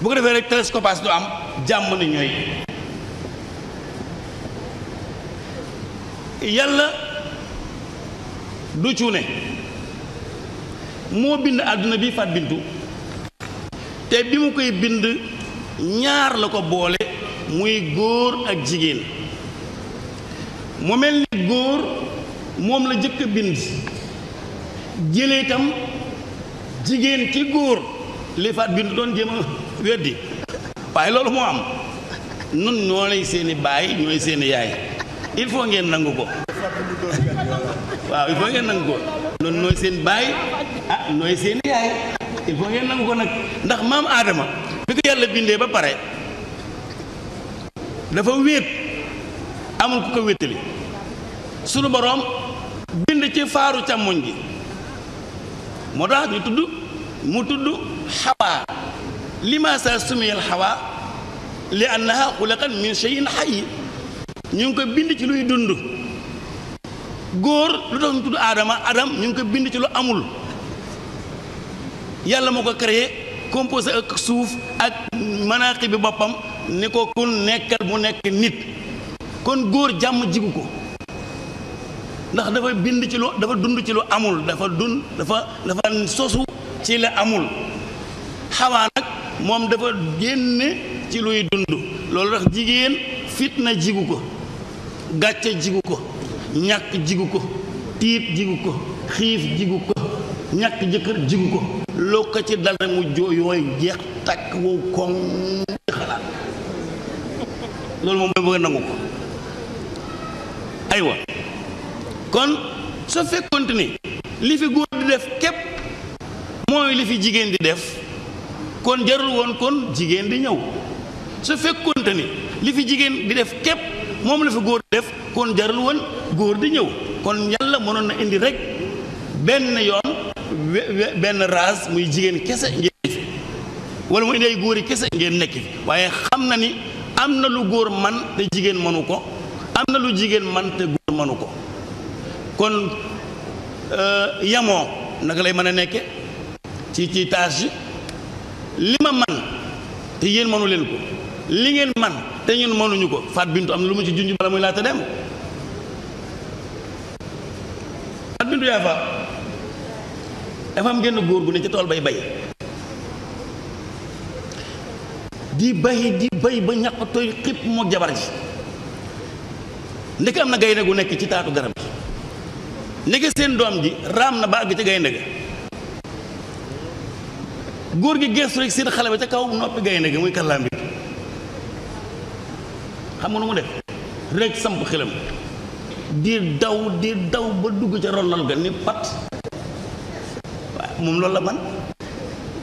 bu ko defee rek télescopage am jàmm ni ñooy yàlla du cuune moo bind àdduna bi faat bintu te bi mu koy bind ñaar la ko boole muy góor ak jigéen mu mel ni góor moom la jëkk a bind jëlee itam jigéen ci góor li faat bintu doon jéem weddi waaye loolu moo am nun ñoo seeni baay ñooy seeni yaay il faut ngeen nangu ko waaw nun nooy seen baay ah nooy seeni yaay il faut ngeen nangu ko nag ndax maam aadama bi ko yàlla bindee ba pare dafa wéet amul ku ko wéttali sunu boroom bind ci faaru càmmoñ gi moo tax ñu tudd mu tudd xawaa limaasa sumiyal xawaa li annaha xulaqat min cheyin xay ñu ngi ko bind ci luy dund góor lu tax ñu tudd aadama adam ñu ngi ko bind ci lu amul yàlla moo ko créé composé ak suuf ak manaaqi bi boppam ni ko kun nekkal mu nekk nit kon góor jàmm jigu ko ndax dafa bind ci lu dafa dund ci lu amul dafa dund dafa dafa sosu ci la amul xawaa nag moom dafa génne ci luy dund loolu tax jigéen fitna jigu ko gàcce jigu ko ñàkk jigu ko tiit jigu ko xiif jigu ko ñàkk jëkkër jigu ko loo ci dal mu joo yooyu jeex tàkk loolu moom mooy bëgg a nangu ko aywa kon soo fekkoonte ni li fi góor di def képp mooy li fi jigéen di def kon jarul woon kon jigéen di ñëw su fekkonte ni li fi jigéen di def képp moom la fi góor def kon jarul woon góor di ñëw kon yàlla mënoon na indi rek benn yoon benn race muy jigéen kese ngeen nekk fi wala mu indi ay góor yi kese ngeen nekk fi waaye xam na ni am na lu góor man te jigéen mënu ko am na lu jigéen man te góor mënu ko kon euh, yamoo naka lay mën a nekke ci ci tâche yi li ma man te yéen mënu leen ko li ngeen man te ñun mënuñu ko Faat Bintu am lu mu ci junj bala muy laata dem Faat Bintu yaa fa dafa am génn góor gu ne ca tool bay bay di bay di bay ba ñàkk tooy xip moo jabar ji ndeke am na gaynde gu nekk ci taatu garab gi ndeke seen doom ji raam na ba àgg ci gaynde ga góor gi gestu rek seen xale bi ca kaw noppi gaynde gi muy kàllaam bi xam mu def rek samp xelam di daw di daw ba dugg ca ronal ga ni pat waaw moom loolu la man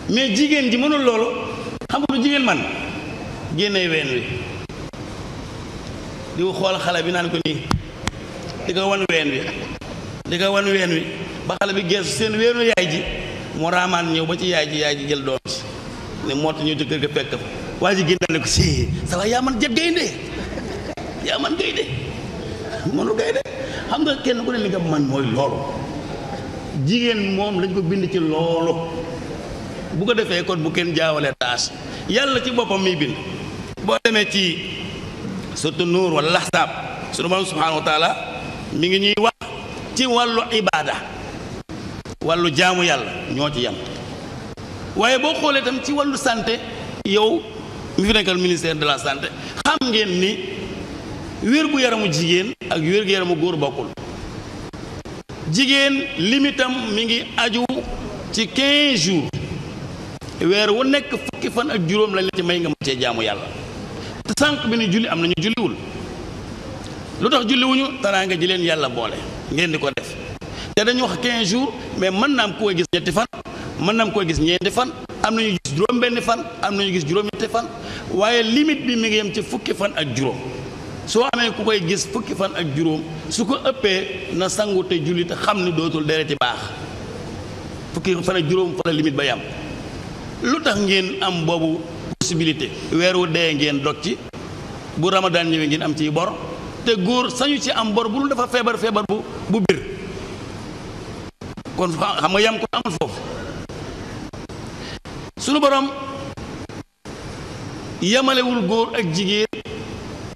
mais jigéen ji mënul loolu xam jigéen man génne ween wi di xool xale bi naan ko nii di ko wan ween wi di ko wan ween wi ba xale bi geesu seen weenu yaay ji moo ñëw ba ci yaay ji yaay ji jël doom si ne moot ñëw ci kër ga fekk fa waa ji génn ne ko si sa waay yaa man jëg gaynde yaa man gaynde xam nga kenn ku ne li nga man mooy loolu jigéen moom lañ ko bind ci loolu bu ko defee kon bu kenn jaawalee daas yàlla ci boppam miy bind boo demee ci surtout nur wala laxsaab sunu borom subhanahu wa taala mi ngi ñuy wax ci wàllu ibaada wàllu jaamu yàlla ñoo ci yem waaye boo xoolee itam ci wàllu santé yow mi fi nekkal ministère de la santé xam ngeen ni wér gu yaramu jigéen ak wér gu yaramu góor bokkul jigéen limitam mi ngi aju ci 15 jours weer wu nekk fukki fan ak juróom lañ la ci may nga mën cee jaamu yàlla te sànq bi ñu julli am na ñu julliwul lu tax julliwuñu taraanga ji leen yàlla boole ngeen di ko def te dañu wax 15 jours mais mën naa am ku gis ñetti fan mën naa koo gis ñeenti fan am na nañu gis juróom-benn fan am na ñu gis juróom-ñetti fan waaye limite bi mi ngi yem ci fukki fan ak juróom soo amee ku koy gis fukki fan ak juróom su ko ëppee na sangu te julli xam ni dootul dereti baax fukki fan ak juróom fan la limite ba yam lu tax ngeen am boobu possibilité weeru dee ngeen dog ci bu ramadaan ñëwee ngeen am ciy bor te góor sañu ci am bor bu lu dafa feebar feebar bu bu biir kon xam nga yam ko amul foofu sunu borom yamalewul góor ak jigéen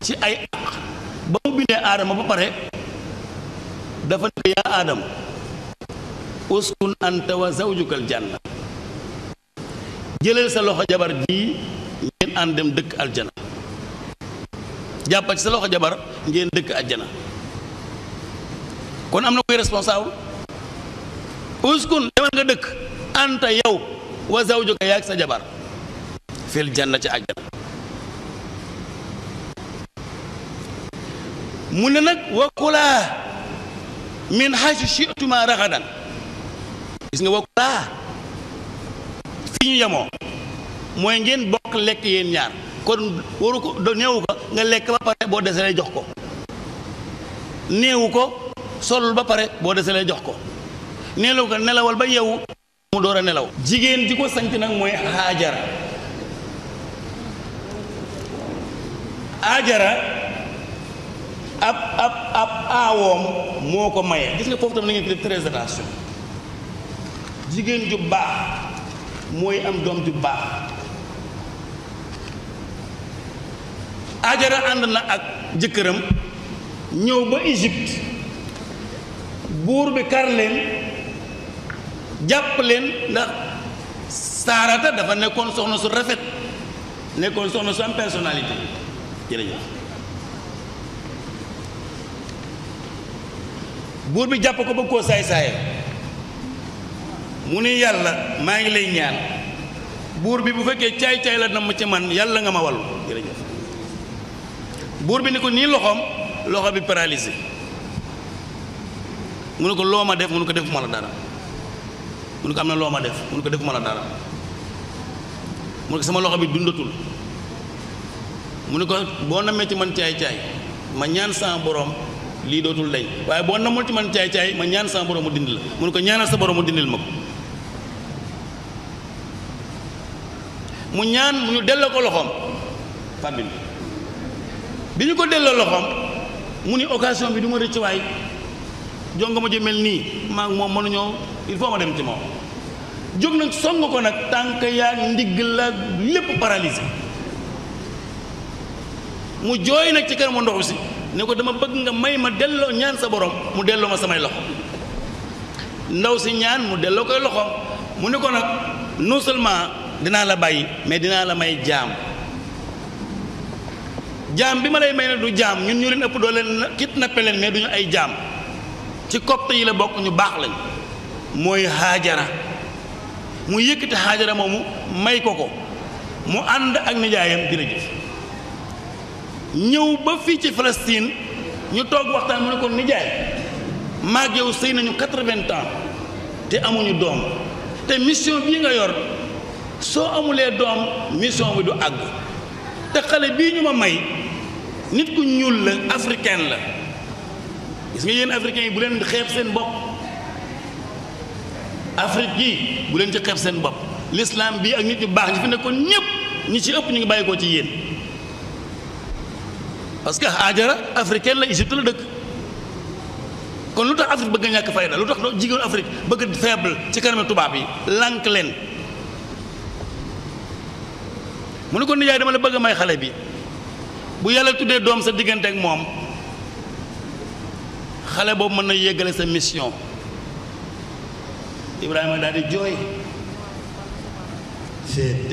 ci ay àq ba mu bindee aadama ba pare dafa ne ko yaa aadama uskun anta zawjukal janna jëlal sa loxo jabar ji ngeen ànd dem dëkk aljana jàppal ci sa loxo jabar ngeen dëkk aljana kon am na koy responsable uskun demal nga dëkk anta yow wa zawjuka yaag sa jabar jan janna ci àjjana mu ne nag wakkulaa min haysu shi'tuma raxadan gis nga wakkulaa fi ñu yemoo mooy ngeen bokk lekk yéen ñaar kon waru ko néewu ko nga lekk ba pare boo desalee jox ko néewu ko solul ba pare boo desalee jox ko nelaw ko nelawal ba yow mu door a nelaw jigéen ji ko sant nag mooy ajara ajara ab ab ab aawoom moo ko maye gis nga foofu tam na ngeen ko jigéen ju baax mooy am doom ju baax ajara ànd na ak jëkkëram ñëw ba Égypte buur bi kar leen jàpp leen ndax saarata dafa nekkoon soxna su rafet nekkoon soxna su am personnalité jërëjëf buur bi jàpp ko bëgg koo saay-saaye mu ni yàlla maa ngi lay ñaan buur bi bu fekkee caay-caay la namm ci man yàlla nga ma wallu jërëjëf buur bi ni ko nii loxoom loxo bi paralysé mu ne ko loo ma def mu ne ko def ma la dara mu ne ko am na loo ma def mu ne ko defuma la dara mu ne ko sama loxo bi dundatul mu ne ko boo namee ci man caay-caay ma ñaan sa borom lii dootul dañ waaye boo namul ci man caay-caay ma ñaan sa borom mu dindi la mu ne ko ñaanal sa borom mu dindil ma ko mu ñaan mu ñu delloo ko loxoom fàbbil bi ñu ko delloo loxoom mu ni occasion bi du ma rëcc waay jonga ma nii maa ngi moom mënuñoo il faut ma dem ci moom jóg nag song ko nag tànk yaag ndigg la lépp paralysé mu jooy nag ci kanamu ndoxu si ne ko dama bëgg nga may ma delloo ñaan sa borom mu delloo ma samay loxo ndaw si ñaan mu delloo koy loxo mu ne ko nag non seulement dinaa la bàyyi mais dinaa la may jaam jaam bi ma lay may ne du jaam ñun ñu leen ëpp doo leen kidnappé leen mais du ñu ay jaam ci copte yi la bokk ñu baax lañ mooy xaajara mu yëkkati xaajara moomu may ko ko mu ànd ak nijaayam dina jëf ñëw ba fii ci Palestine ñu toog waxtaan mu ne ko nijaay maag sëy nañu quatre-vingts ans te amuñu doom te mission bii nga yor soo amulee doom mission bi du àgg te xale bii ñu ma may nit ku ñuul la africain la gis nga yéen africain yi bu leen xeeb seen bopp Afrique yi bu leen ci xeeb seen bopp l'islam bi ak nit ñu baax ñi fi nekkoon ñëpp ñi ci ëpp ñu ngi bàyyi ko ci yéen parce que Haajara africaine la Égypte la dëkk kon lu tax Afrique bëgg a ñàkk fayda lu tax jigéen Afrique bëgg faible ci kanam tubaab yi lànk leen mu ne ko nijaay dama la bëgg may xale bi bu yàlla tuddee doom sa diggante ak moom xale boobu mën na yégale sa mission Ibrahima daal di jooy seet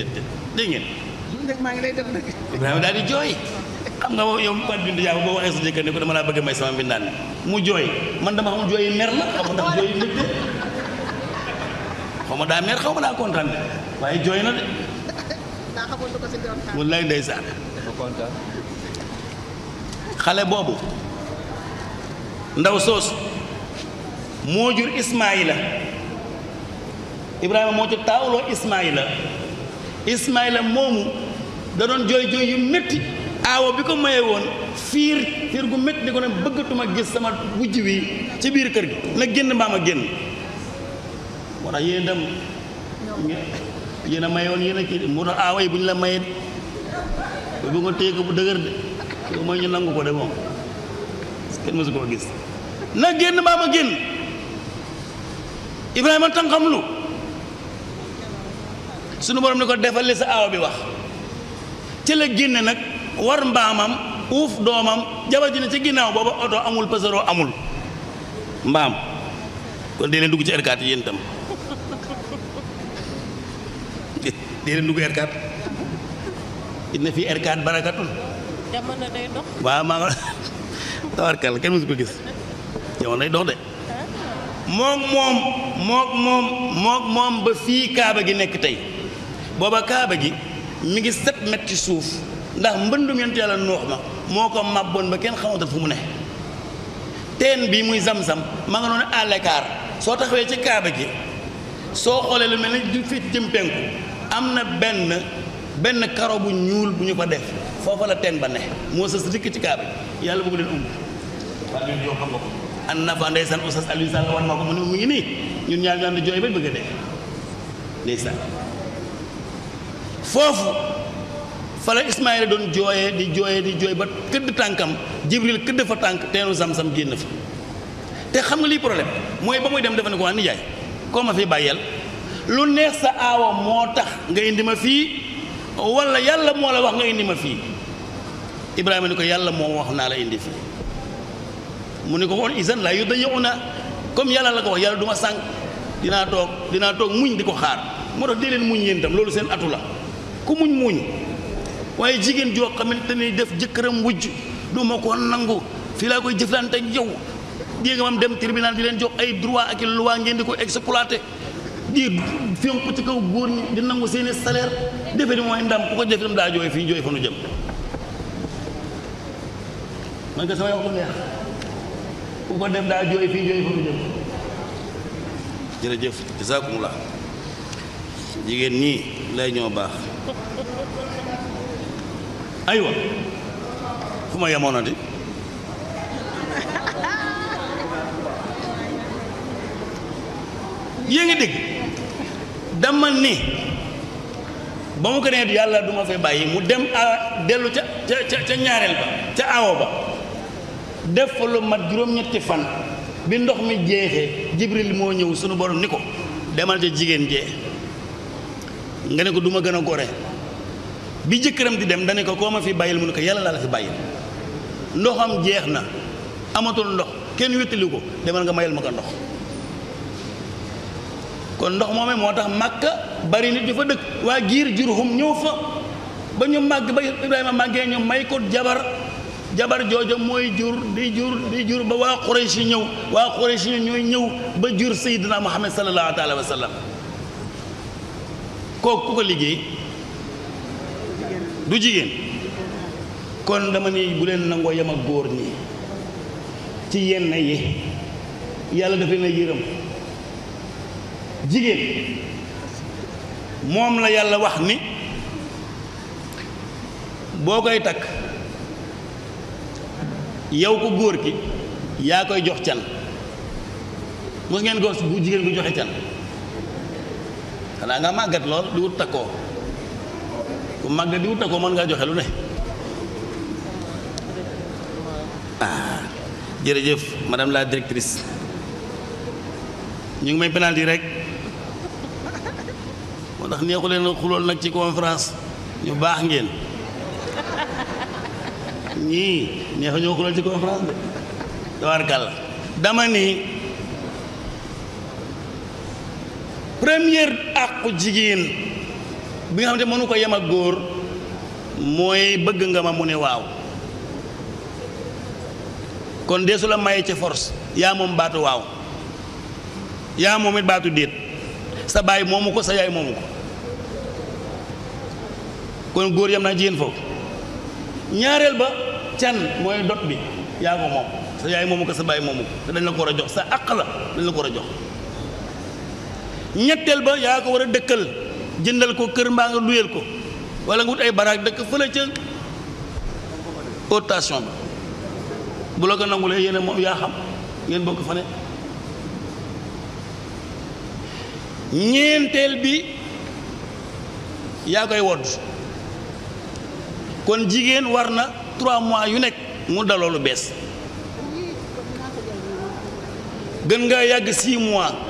daal di jooy xam nga yow boo waxee sa jëkkër ne ko dama laa bëgg may sama mbindaan mu jooy man dama xam jooy yi mer la xam nga jooy yi mbégte xaw mer xaw ma daa kontaan waaye jooy na de. xale boobu ndaw soosu moo jur Ismaayila. Ibrahima moo ci taawuloo Ismaïla Ismaïla moomu da doon jooy jooy yu métti aawo bi ko mayee woon fiir fiir gu métti di ko ne bëggatuma gis sama wujj wi ci biir kër gi na génn mbaam a génn moo a mayoon yéen a la mayee bu sunu borom ni ko defal li sa aaw bi wax ci génne nag war mbaamam uuf doomam jabar ji ne ci ginnaaw booba oto amul pasaroo amul mbaam kon dee leen dugg ci R4 yéen itam dee leen dugg R4 inna fi R4 barakatun jamono day maa nga tawarkal kenn mësu ko gis jamono day dox de ah. mook moom mook moom mook moom ba fii kaaba gi nekk tey booba kaaba gi mu ngi sept mètres ci suuf ndax mbëndum yonent yàlla noox ma moo ko màbboon ba kenn xamatul fu mu ne teen bi muy zam-zam ma nga noonu soo taxawee ci kaaba gi soo xoolee lu mel ne du fi jëm am na benn benn karo bu ñuul bu ñu ko def foofa la teen ba ne moo sës dikk ci kaaba yàlla bëgg leen ëmb xam nga an nafa ndeysaan oustaz Alioune Sall wan ma ko mu ne mu ngi nii ñun ñaar ñu ànd jooy ba bëgg a dee ndeysaan foofu fa la Ismaayla doon jooyee di jooyee di jooy ba këdd tànkam Jibril këdd fa tànk teenu sam-sam génn fa te xam nga liy problème mooy ba muy dem dafa ne ko waa nijaay koo ma fi bàyyeel lu neex sa aawa moo tax nga indi ma fii wala yàlla moo wax nga indi ma fii Ibrahima ni ko yàlla moo wax naa la indi mu ne ko woon isan la yu da yow na comme yàlla la ko wax yàlla du ma sànq dinaa toog dinaa toog muñ di ko xaar moo tax dee leen muñ yéen tam loolu seen atu la ku muñ muñ waaye jigéen joo xamante ni def jëkkëram wujj du ma ko nangu fii laa koy jëflante ak yow jéega mam dem tribunal di leen jox ay droit ak i loi ngeen di ko exploité di fénku ci kaw góor ñi di nangu seeni salaire defe ni mooy ndam ku ko jëfam daa jooy fii jooy fa nu jëm man ko sama wax neex ku ko def daa jooy fii jooy fa nu jëm jërëjëf jazakumullah jigéen ñi lay ñoo baax aywa fu ma yemoonati yéen ngi dégg dama ni ba mu ko nee yàlla du ma fee bàyyi mu dem a dellu ca ca ca ñaareel ba ca awo ba def fa lu mat juróom-ñetti fan bi ndox mi jeexee jibril moo ñëw sunu borom ni ko demal ca jigéen jee nga ne ko duma gën a gore bi jëkkëram di dem dane ko koo ma fi bàyyil mu ne ko yàlla laa la fi bàyyil ndoxam jeex na amatul ndox kenn wéttali ko demal nga mayal ma ko ndox kon ndox moomee moo tax màkka bari nit ñu fa dëkk waa giir jurhum ñëw fa ba ñu màgg ba ibrahima màggee ñu may ko jabar jabar joojo mooy jur di jur di jur ba waa Quraysh ñëw waa Quraysh ñooy ñëw ba jur sayyidina muhammad sallallahu wa sallam kooku ko liggéey du jigéen kon dama ni bu leen nangoo yem góor ñi ci yenn yi yàlla daf leen a yërëm jigéen moom la yàlla wax ni boo koy takk yow ko góor gi yaa koy jox can mos ngeen gos bu jigéen ko joxe can xanaa nga màggat lool di wut takkoo ku màgg di wut na ko mën ngaa joxe lu ne ah jërëjëf madame la directrice ñu ngi may penalty rek moo tax neexu leen xulool nag ci confrance ñu baax ngeen ñii neexu ñoo xulool ci conférence de dama ni première àqu jigéen bi nga xam ne mënu ko yem ak góor mooy bëgg nga ma mu ne waaw kon deesu la maye ca force yaa moom baatu waaw yaa moom it baatu déet sa baay moomu ko sa yaay moomu ko kon góor yam naa jigéen foofu ñaareel ba can mooy dot bi yaa ko moom sa yaay sa baay moomu ko te dañ la ko war a jox sa àq la dañ la ko war a jox ñetteel ba yaa ko war a dëkkal jëndal ko kër mbaa nga luyal ko wala nga wut ay baraag dëkk fële ca haute station bi bu la ko nangulee yéen moom yaa xam yéen bokk fa ne ñeenteel bi yaa koy wodd kon jigéen war na trois mois yu nekk mu daloo lu bees gën ngaa yàgg six mois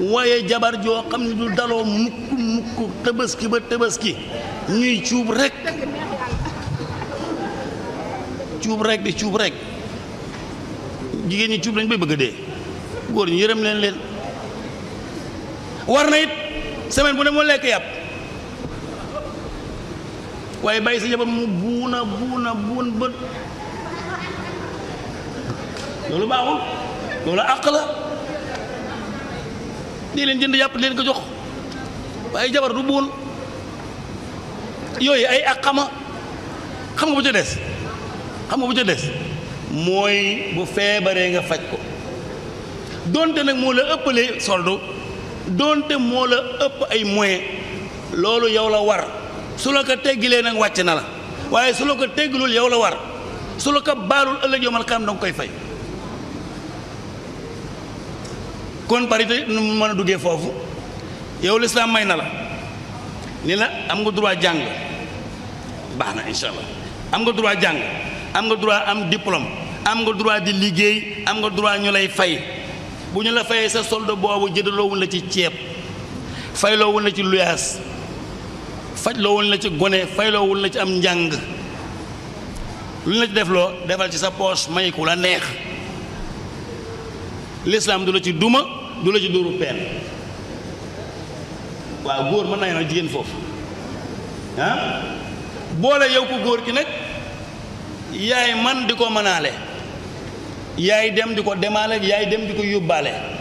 waaye jabar joo xam ne du daloo mukk mukk tëbaski ba tëbaski ñuy cuub rek cuub rek jigéen ñi cuub lañ bay bëgg a dee góor ñu yërëm leen leen war na it semaine bu ne moo lekk yàpp waaye bàyyi sa jabar mu buuna buuna buun bët loolu baaxul loolu àq la dee leen jënd yàpp leen ko jox waaye jabar du buun yooyu ay ak xama xam nga bu ca des xam bu ca des mooy bu feebaree nga faj ko donte nag moo la ëppalee soldu donte moo la ëpp ay moyen loolu yow la war su la ko teggilee nag wàcc na la waaye su la ko teggilul yow la war su la ko baalul ëllëg yomal kanam danga koy fay kon parité nu mu mën a duggee foofu yow lislaam may na la ni la am nga droit jàng baax na incha allah am nga droit jàng am nga droit am diplôme am nga droit di liggéey am nga droit ñu lay fay bu ñu la fayee sa solde boobu jëndaloo woon la ci ceeb fayloo woon na ci luyaas fajloo woon la ci gone fayloo woon la ci am njàng lu ñu la ci def loo defal ci sa poos may ku la neex lislaam du la ci duma du la ci dóoru peen waaw góor mën naa nag jigéen foofu ah boole yow ko góor ki nag yaay man di ko mënaale yaay dem di ko demaale yaay dem di ko yóbbaale